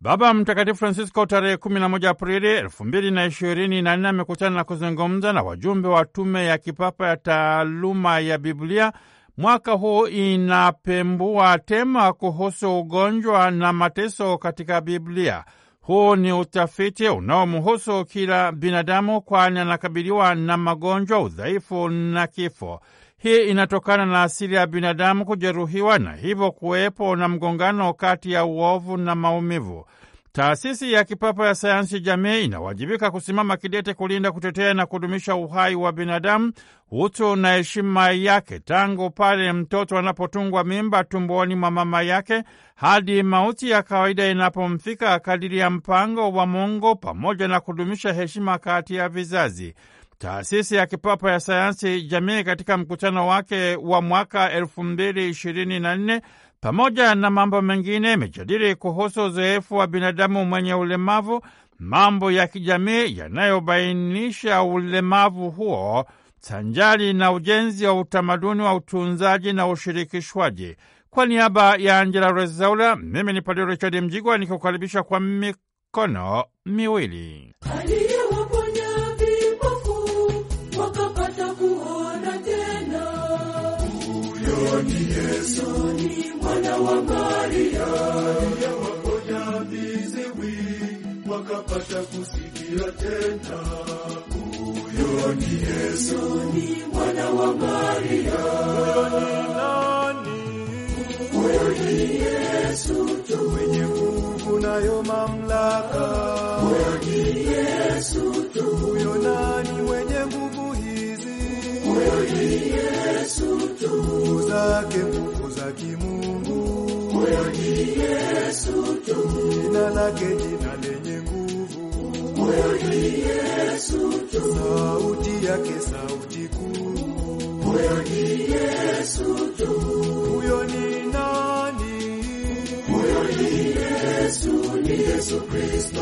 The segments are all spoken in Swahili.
Baba Mtakatifu Francisco tarehe 11 Aprili 2024 amekutana na kuzungumza na wajumbe wa Tume ya Kipapa ya Taaluma ya Biblia. Mwaka huu inapembua tema kuhusu ugonjwa na mateso katika Biblia. Huu ni utafiti unaomhusu kila binadamu, kwani anakabiliwa na magonjwa, udhaifu na kifo. Hii inatokana na asili ya binadamu kujeruhiwa na hivyo kuwepo na mgongano kati ya uovu na maumivu. Taasisi ya Kipapa ya Sayansi Jamii inawajibika kusimama kidete kulinda, kutetea na kudumisha uhai wa binadamu, utu na heshima yake, tangu pale mtoto anapotungwa mimba tumboni mwa mama yake hadi mauti ya kawaida inapomfika, kadiri ya mpango wa Mungu, pamoja na kudumisha heshima kati ya vizazi. Taasisi ya kipapa ya sayansi jamii katika mkutano wake wa mwaka 224 pamoja na mambo mengine imejadili kuhusu uzoefu wa binadamu mwenye ulemavu, mambo ya kijamii yanayobainisha ulemavu huo sanjari na ujenzi wa utamaduni wa utunzaji na ushirikishwaji. Kwa niaba ya Angela Rezaula, mimi ni Padre Richard Mjigwa nikikukaribisha kwa mikono miwili Adi. watakusikia tena. Huyo ni Yesu, ni mwana wa Maria. Huyo ni Yesu tu mwenye nguvu nayo mamlaka. Huyo ni Yesu tu, huyo nani mwenye nguvu hizi? Huyo ni Yesu tu, nguvu zake nguvu za kimungu. Huyo ni Yesu tu, jina lake sauti yake sauti kuu, huyo ni Yesu tu. Huyo ni nani? Huyo ni Yesu, ni Yesu Kristo.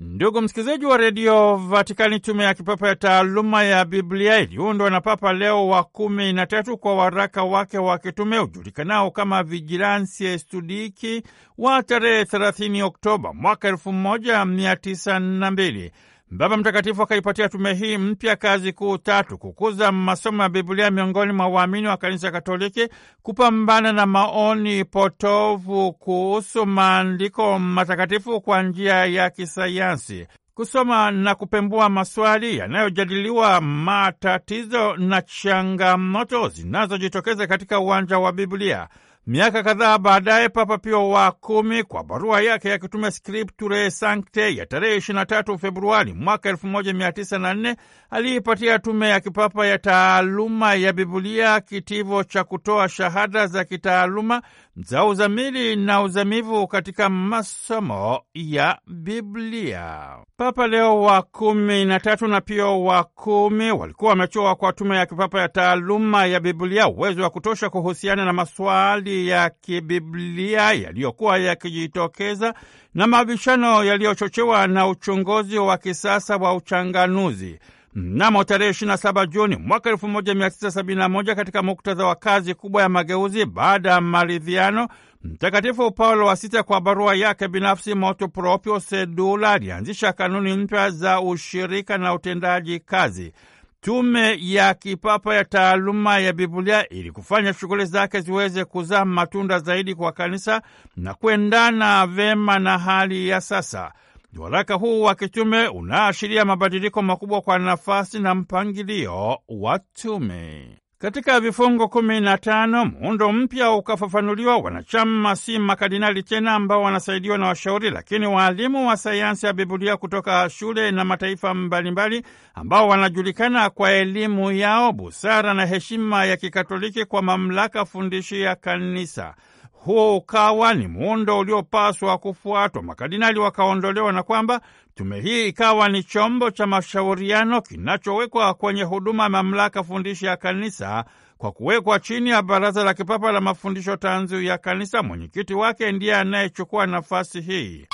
Ndugu msikilizaji wa redio Vatikani, tume ya kipapa ya taaluma ya Biblia iliundwa na Papa Leo wa kumi na tatu kwa waraka wake wa kitume ujulikanao kama Vigilansia Studiki wa tarehe 30 Oktoba mwaka elfu moja mia tisa na mbili. Baba Mtakatifu akaipatia tume hii mpya kazi kuu tatu: kukuza masomo ya Biblia miongoni mwa waamini wa Kanisa Katoliki, kupambana na maoni potovu kuhusu maandiko matakatifu kwa njia ya kisayansi, kusoma na kupembua maswali yanayojadiliwa, matatizo na changamoto zinazojitokeza katika uwanja wa Biblia. Miaka kadhaa baadaye, Papa Pio wa kumi kwa barua yake ya kitume scripture Sancte ya tarehe 23 Februari mwaka 1904 aliipatia tume ya kipapa ya taaluma ya Biblia kitivo cha kutoa shahada za kitaaluma za uzamili na uzamivu katika masomo ya Biblia. Papa Leo wa kumi na tatu na Pio wa kumi walikuwa wamechoa kwa tume ya kipapa ya taaluma ya Biblia uwezo wa kutosha kuhusiana na maswali ya kibiblia yaliyokuwa yakijitokeza na mabishano yaliyochochewa na uchunguzi wa kisasa wa uchanganuzi. Mnamo tarehe 27 Juni mwaka 1971 katika muktadha wa kazi kubwa ya mageuzi baada ya maridhiano, Mtakatifu Paulo wa Sita kwa barua yake binafsi Motu Proprio Sedula alianzisha kanuni mpya za ushirika na utendaji kazi. Tume ya Kipapa ya Taaluma ya Biblia ili kufanya shughuli zake ziweze kuzaa matunda zaidi kwa kanisa na kuendana vema na hali ya sasa. Waraka huu wa kitume unaashiria mabadiliko makubwa kwa nafasi na mpangilio wa tume. Katika vifungo kumi na tano muundo mpya ukafafanuliwa. Wanachama si makardinali tena ambao wanasaidiwa na washauri, lakini waalimu wa sayansi ya Biblia kutoka shule na mataifa mbalimbali ambao wanajulikana kwa elimu yao, busara na heshima ya Kikatoliki kwa mamlaka fundishi ya Kanisa huo ukawa ni muundo uliopaswa kufuatwa. makadinali wakaondolewa na kwamba tume hii ikawa ni chombo cha mashauriano kinachowekwa kwenye huduma ya mamlaka fundishi ya kanisa kwa kuwekwa chini ya Baraza la Kipapa la Mafundisho Tanzu ya Kanisa. Mwenyekiti wake ndiye anayechukua nafasi hii.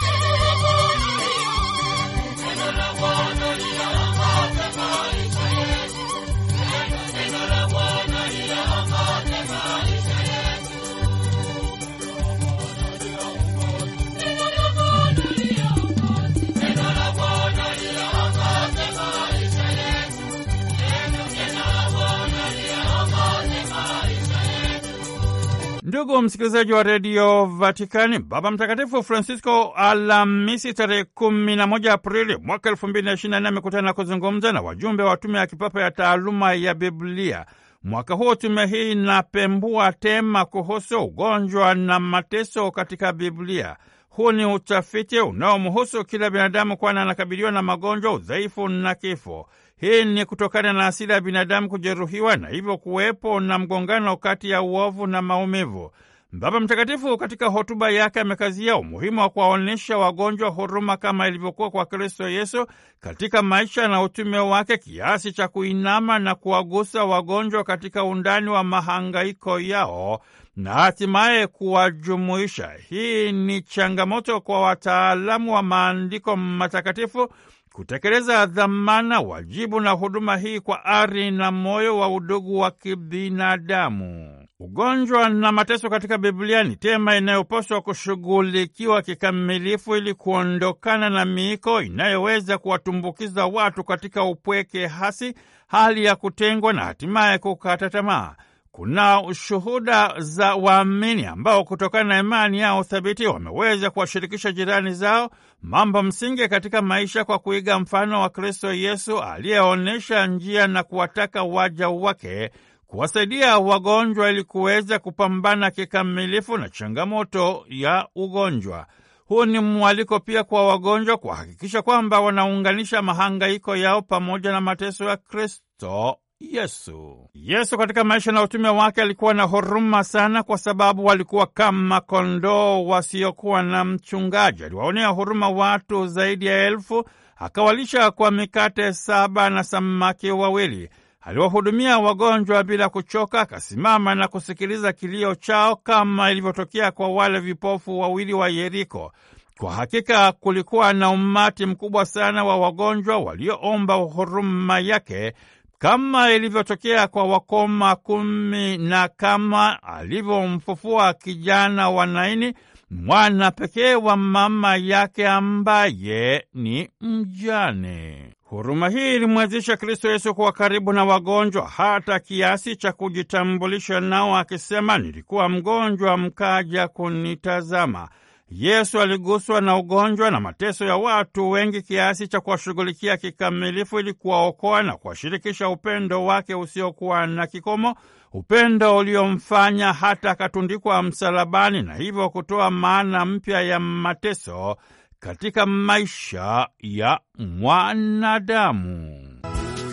Ndugu msikilizaji wa redio Vatikani, Baba Mtakatifu Francisco Alhamisi tarehe kumi na moja Aprili mwaka elfu mbili na na nne amekutana na kuzungumza na wajumbe wa tume ya kipapa ya taaluma ya Biblia. Mwaka huo tume hii inapembua tema kuhusu ugonjwa na mateso katika Biblia. Huu ni utafiti unaomhusu kila binadamu, kwani anakabiliwa na magonjwa, udhaifu na kifo. Hii ni kutokana na asili ya binadamu kujeruhiwa na hivyo kuwepo na mgongano kati ya uovu na maumivu. Baba Mtakatifu katika hotuba yake amekazia umuhimu wa kuwaonyesha wagonjwa huruma kama ilivyokuwa kwa Kristo Yesu katika maisha na utume wake, kiasi cha kuinama na kuwagusa wagonjwa katika undani wa mahangaiko yao na hatimaye kuwajumuisha. Hii ni changamoto kwa wataalamu wa maandiko matakatifu kutekeleza dhamana, wajibu na huduma hii kwa ari na moyo wa udugu wa kibinadamu. Ugonjwa na mateso katika Biblia ni tema inayopaswa kushughulikiwa kikamilifu ili kuondokana na miiko inayoweza kuwatumbukiza watu katika upweke hasi, hali ya kutengwa na hatimaye kukata tamaa kuna ushuhuda za waamini ambao kutokana na imani yao thabiti wameweza kuwashirikisha jirani zao mambo msingi katika maisha kwa kuiga mfano wa Kristo Yesu aliyeonyesha njia na kuwataka waja wake kuwasaidia wagonjwa ili kuweza kupambana kikamilifu na changamoto ya ugonjwa. Huu ni mwaliko pia kwa wagonjwa kuhakikisha kwamba wanaunganisha mahangaiko yao pamoja na mateso ya Kristo Yesu. Yesu katika maisha na utume wake alikuwa na huruma sana, kwa sababu walikuwa kama kondoo wasiokuwa na mchungaji. Aliwaonea huruma watu zaidi ya elfu, akawalisha kwa mikate saba na samaki wawili. Aliwahudumia wagonjwa bila kuchoka, akasimama na kusikiliza kilio chao, kama ilivyotokea kwa wale vipofu wawili wa Yeriko. Kwa hakika kulikuwa na umati mkubwa sana wa wagonjwa walioomba huruma yake kama ilivyotokea kwa wakoma kumi na kama alivyomfufua kijana wa Naini, mwana pekee wa mama yake ambaye ni mjane. Huruma hii ilimwezesha Kristo Yesu kuwa karibu na wagonjwa hata kiasi cha kujitambulisha nao, akisema, nilikuwa mgonjwa mkaja kunitazama. Yesu aliguswa na ugonjwa na mateso ya watu wengi kiasi cha kuwashughulikia kikamilifu ili kuwaokoa na kuwashirikisha upendo wake usiokuwa na kikomo, upendo uliomfanya hata akatundikwa msalabani na hivyo kutoa maana mpya ya mateso katika maisha ya mwanadamu.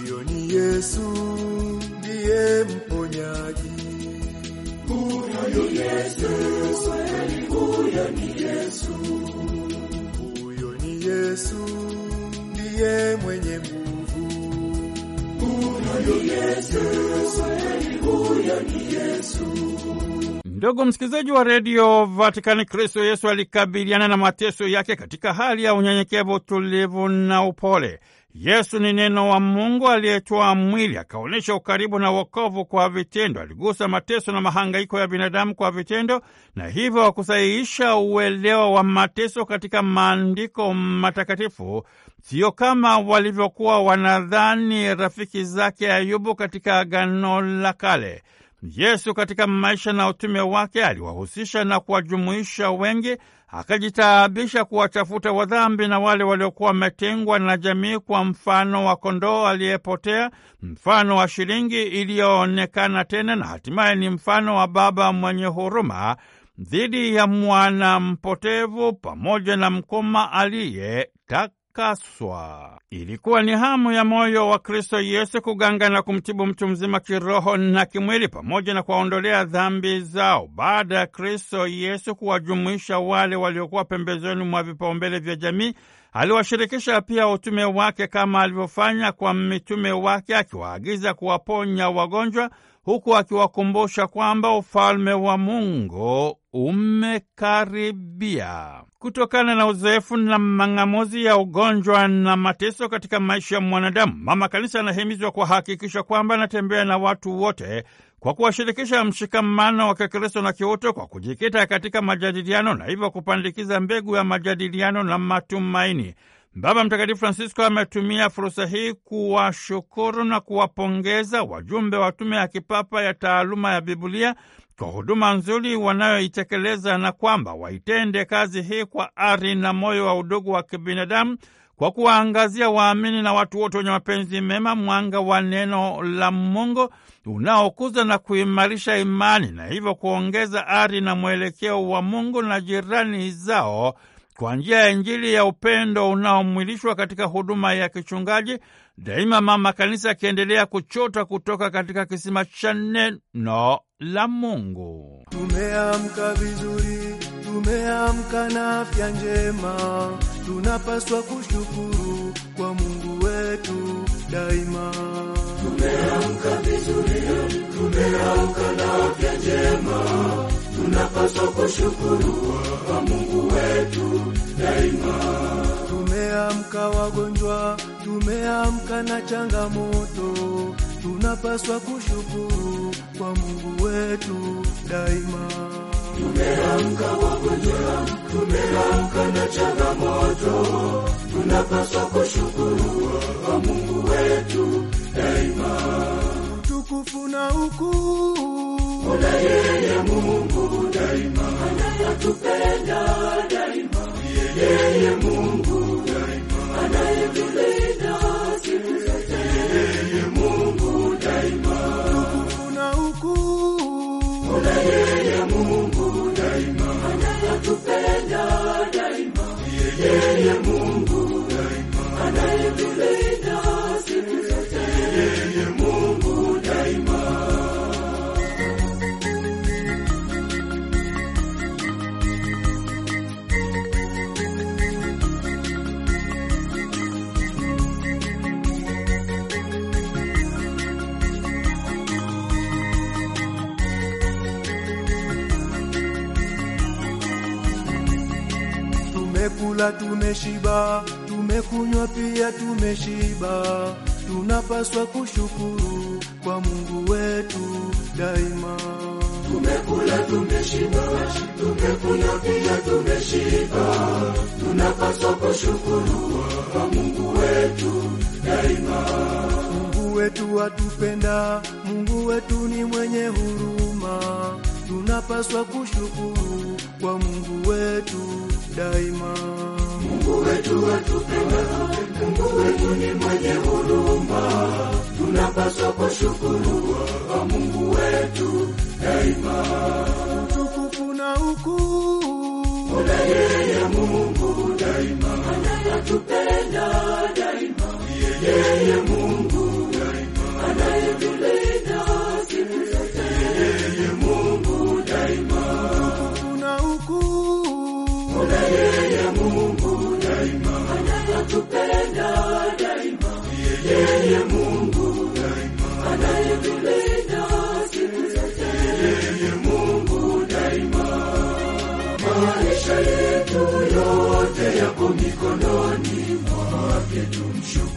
Huyo ni Yesu ndiye mponyaji. Huyo ni Yesu huyo ni Yesu, huyo ni Yesu ndiye mwenye nguvu. Huyo ni Yesu, huyo ni Yesu. Ndugu msikilizaji wa redio Vatikani, Kristo Yesu alikabiliana na mateso yake katika hali ya unyenyekevu, utulivu na upole. Yesu ni neno wa Mungu aliyetoa mwili, akaonyesha ukaribu na wokovu kwa vitendo. Aligusa mateso na mahangaiko ya binadamu kwa vitendo, na hivyo wakusahihisha uelewa wa mateso katika maandiko matakatifu, sio kama walivyokuwa wanadhani rafiki zake Ayubu katika Agano la Kale. Yesu katika maisha na utume wake aliwahusisha na kuwajumuisha wengi, akajitaabisha kuwatafuta wadhambi na wale waliokuwa wametengwa na jamii, kwa mfano wa kondoo aliyepotea, mfano wa shilingi iliyoonekana tena, na hatimaye ni mfano wa baba mwenye huruma dhidi ya mwana mpotevu pamoja na mkoma aliyetaka kutakaswa. Ilikuwa ni hamu ya moyo wa Kristo Yesu kuganga na kumtibu mtu mzima kiroho na kimwili, pamoja na kuwaondolea dhambi zao. Baada ya Kristo Yesu kuwajumuisha wale waliokuwa pembezoni mwa vipaumbele vya jamii, aliwashirikisha pia utume wake kama alivyofanya kwa mitume wake, akiwaagiza kuwaponya wagonjwa huku akiwakumbusha kwamba ufalme wa Mungu umekaribia kutokana na uzoefu na mang'amuzi ya ugonjwa na mateso katika maisha ya mwanadamu. Mama Kanisa anahimizwa kuhakikisha kwamba anatembea na watu wote kwa kuwashirikisha mshikamano wa Kikristo na kiuto, kwa kujikita katika majadiliano na hivyo kupandikiza mbegu ya majadiliano na matumaini. Baba Mtakatifu Francisco ametumia fursa hii kuwashukuru na kuwapongeza wajumbe wa Tume ya Kipapa ya Taaluma ya Biblia kwa huduma nzuri wanayoitekeleza na kwamba waitende kazi hii kwa ari na moyo wa udugu wa kibinadamu kwa kuwaangazia waamini na watu wote wenye mapenzi mema mwanga wa neno la Mungu unaokuza na kuimarisha imani na hivyo kuongeza ari na mwelekeo wa Mungu na jirani zao kwa njia ya Injili ya upendo unaomwilishwa katika huduma ya kichungaji. Daima Mama Kanisa akiendelea kuchota kutoka katika kisima cha neno la Mungu. Tumeamka vizuri, tumeamka na afya njema, tunapaswa kushukuru kwa Mungu wetu daima. Tumeamka vizuri, tumeamka na afya njema tunapaswa kushukuru kwa Mungu wetu daima. Tumeamka wagonjwa, tumeamka na changamoto, tunapaswa kushukuru kwa Mungu wetu daima. Tumeamka wagonjwa, tumeamka na changamoto, tunapaswa kushukuru kwa Mungu wetu daima. Utukufu na ukuu Mola yeye Mungu daima anayetupenda daima, yeye Mungu daima anayetulinda siku zote, yeye Mungu daima na ukuu. Mola yeye Mungu daima anayetupenda tumekunywa pia tumeshiba, tunapaswa kushukuru kwa Mungu wetu daima. Tumekula tumeshiba, tumekunywa pia tumeshiba, tunapaswa kushukuru kwa Mungu wetu daima. Mungu wetu atupenda, Mungu wetu ni mwenye huruma, tunapaswa kushukuru kwa Mungu wetu daima. Mungu wetu watupenda, Mungu wetu ni mwenye huruma, tunapaswa kushukuru kwa Mungu wetu daima. Utukufu na ukuu yeye Mungu daima, anatupenda daima, yeye Mungu anayetupenda daima, yeye Mungu anayetupenda siku zote, yeye Mungu daima. Maisha yetu yote yako mikononi mwake, tumshukuru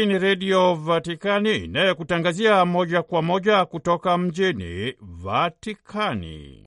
Hii ni Redio Vatikani inayokutangazia moja kwa moja kutoka mjini Vatikani.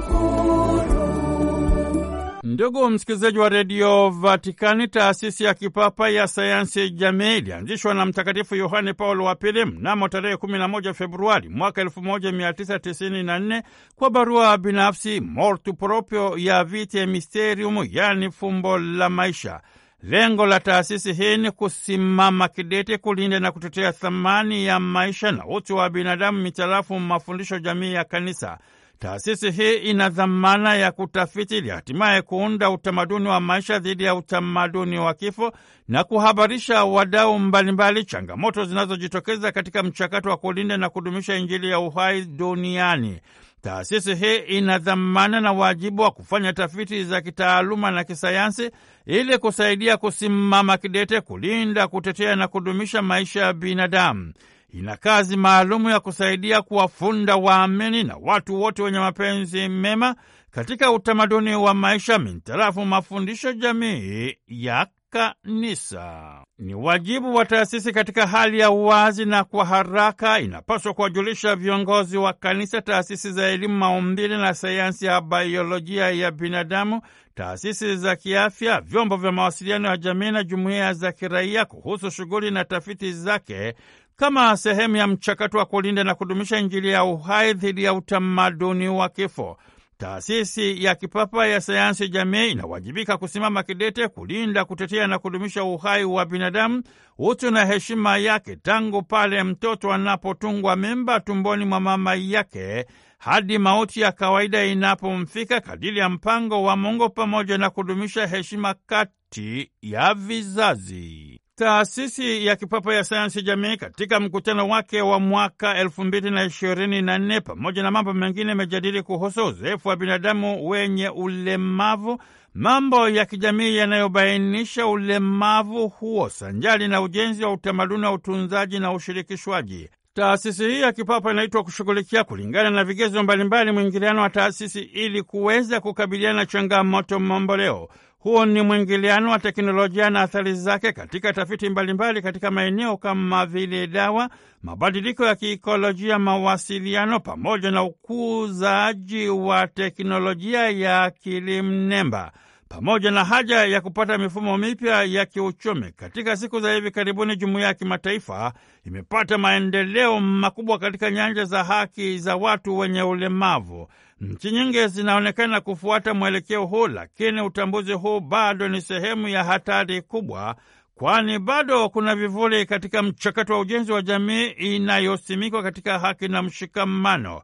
Ndugu msikilizaji wa redio Vatikani, taasisi ya kipapa ya sayansi jamii ilianzishwa na Mtakatifu Yohane Paulo wa Pili mnamo tarehe 11 Februari mwaka 1994 kwa barua binafsi Mortu Proprio ya Vitae Mysterium, yaani fumbo la maisha. Lengo la taasisi hii ni kusimama kidete kulinda na kutetea thamani ya maisha na utu wa binadamu mitarafu mafundisho jamii ya Kanisa. Taasisi hii ina dhamana ya kutafiti ili hatimaye kuunda utamaduni wa maisha dhidi ya utamaduni wa kifo na kuhabarisha wadau mbalimbali changamoto zinazojitokeza katika mchakato wa kulinda na kudumisha Injili ya uhai duniani. Taasisi hii ina dhamana na wajibu wa kufanya tafiti za kitaaluma na kisayansi ili kusaidia kusimama kidete, kulinda, kutetea na kudumisha maisha ya binadamu ina kazi maalumu ya kusaidia kuwafunda waamini na watu wote wenye mapenzi mema katika utamaduni wa maisha mintarafu mafundisho jamii ya kanisa. Ni wajibu wa taasisi katika hali ya uwazi na kwa haraka inapaswa kuwajulisha viongozi wa kanisa, taasisi za elimu, maumbile na sayansi ya baiolojia ya binadamu, taasisi za kiafya, vyombo vya mawasiliano ya jamii na jumuiya za kiraia kuhusu shughuli na tafiti zake kama sehemu ya mchakato wa kulinda na kudumisha Injili ya uhai dhidi ya utamaduni wa kifo. Taasisi ya Kipapa ya Sayansi Jamii inawajibika kusimama kidete kulinda, kutetea na kudumisha uhai wa binadamu, utu na heshima yake, tangu pale mtoto anapotungwa mimba tumboni mwa mama yake hadi mauti ya kawaida inapomfika, kadiri ya mpango wa Mungu, pamoja na kudumisha heshima kati ya vizazi taasisi ya kipapa ya sayansi jamii katika mkutano wake wa mwaka elfu mbili na ishirini na nne pamoja na mambo mengine imejadili kuhusu uzoefu wa binadamu wenye ulemavu, mambo ya kijamii yanayobainisha ulemavu huo sanjali na ujenzi wa utamaduni wa utunzaji na ushirikishwaji. Taasisi hii ya kipapa inaitwa kushughulikia kulingana na vigezo mbalimbali mwingiliano wa taasisi ili kuweza kukabiliana na changamoto mamboleo. Huo ni mwingiliano wa teknolojia na athari zake katika tafiti mbalimbali katika maeneo kama vile dawa, mabadiliko ya kiikolojia, mawasiliano, pamoja na ukuzaji wa teknolojia ya akili mnemba pamoja na haja ya kupata mifumo mipya ya kiuchumi. Katika siku za hivi karibuni, jumuiya ya kimataifa imepata maendeleo makubwa katika nyanja za haki za watu wenye ulemavu. Nchi nyingi zinaonekana kufuata mwelekeo huu, lakini utambuzi huu bado ni sehemu ya hatari kubwa, kwani bado kuna vivuli katika mchakato wa ujenzi wa jamii inayosimikwa katika haki na mshikamano.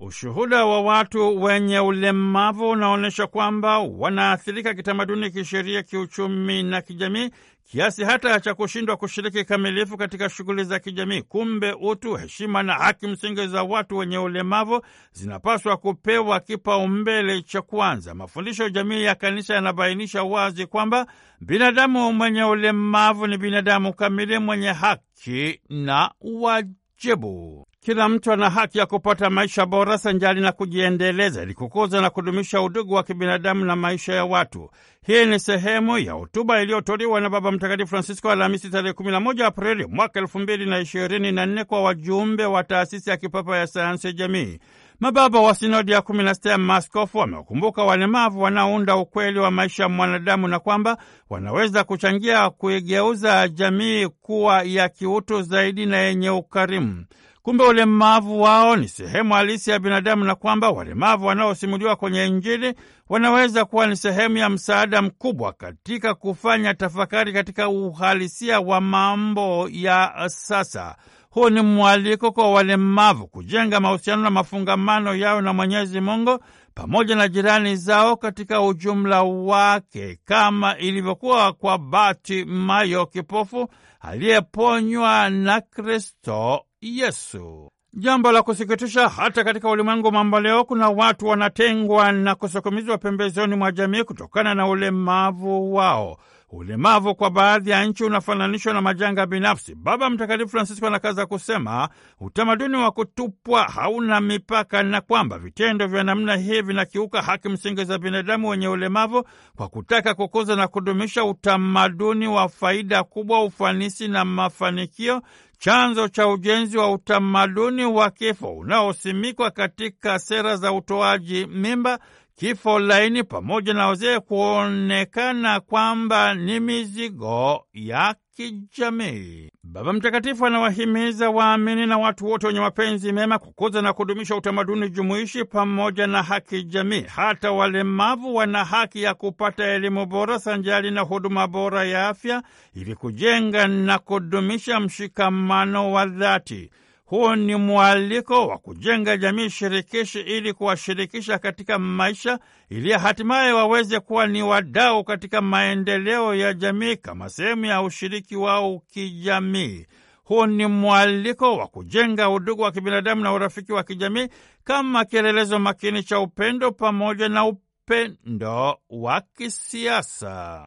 Ushuhuda wa watu wenye ulemavu unaonyesha kwamba wanaathirika kitamaduni, kisheria, kiuchumi na kijamii kiasi hata cha kushindwa kushiriki kikamilifu katika shughuli za kijamii. Kumbe utu, heshima na haki msingi za watu wenye ulemavu zinapaswa kupewa kipaumbele cha kwanza. Mafundisho jamii ya Kanisa yanabainisha wazi kwamba binadamu mwenye ulemavu ni binadamu kamili mwenye haki na wajibu. Kila mtu ana haki ya kupata maisha bora sanjali na kujiendeleza ili kukuza na kudumisha udugu wa kibinadamu na maisha ya watu. Hii ni sehemu ya hotuba iliyotolewa na Baba Mtakatifu Francisco Alhamisi tarehe 11 Aprili mwaka 2024 kwa wajumbe wa taasisi ya kipapa ya sayansi jamii. Mababa wa sinodi ya 16 ya maaskofu wamewakumbuka walemavu wanaounda ukweli wa maisha ya mwanadamu na kwamba wanaweza kuchangia kuigeuza jamii kuwa ya kiutu zaidi na yenye ukarimu. Kumbe ulemavu wao ni sehemu halisi ya binadamu na kwamba walemavu wanaosimuliwa kwenye Injili wanaweza kuwa ni sehemu ya msaada mkubwa katika kufanya tafakari katika uhalisia wa mambo ya sasa. Huu ni mwaliko kwa walemavu kujenga mahusiano na mafungamano yao na Mwenyezi Mungu pamoja na jirani zao katika ujumla wake, kama ilivyokuwa kwa bati mayo kipofu aliyeponywa na Kristo Yesu. Jambo la kusikitisha, hata katika ulimwengu mambo leo, kuna watu wanatengwa na kusukumizwa pembezoni mwa jamii kutokana na ulemavu wao. Ulemavu kwa baadhi ya nchi unafananishwa na majanga binafsi. Baba Mtakatifu Francisco anakaza kusema utamaduni wa kutupwa hauna mipaka na kwamba vitendo vya namna hii vinakiuka haki msingi za binadamu wenye ulemavu kwa kutaka kukuza na kudumisha utamaduni wa faida kubwa, ufanisi na mafanikio, chanzo cha ujenzi wa utamaduni wa kifo unaosimikwa katika sera za utoaji mimba kifo laini pamoja na wazee kuonekana kwamba ni mizigo ya kijamii. Baba Mtakatifu anawahimiza waamini na watu wote wenye mapenzi mema kukuza na kudumisha utamaduni jumuishi pamoja na haki jamii. Hata walemavu wana haki ya kupata elimu bora sanjali na huduma bora ya afya ili kujenga na kudumisha mshikamano wa dhati. Huu ni mwaliko wa kujenga jamii shirikishi ili kuwashirikisha katika maisha ili hatimaye waweze kuwa ni wadau katika maendeleo ya jamii kama sehemu ya ushiriki wao kijamii. Huu ni mwaliko wa kujenga udugu wa kibinadamu na urafiki wa kijamii kama kielelezo makini cha upendo pamoja na upendo wa kisiasa.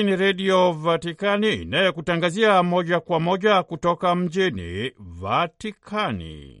Hii ni Redio Vatikani inayekutangazia moja kwa moja kutoka mjini Vatikani.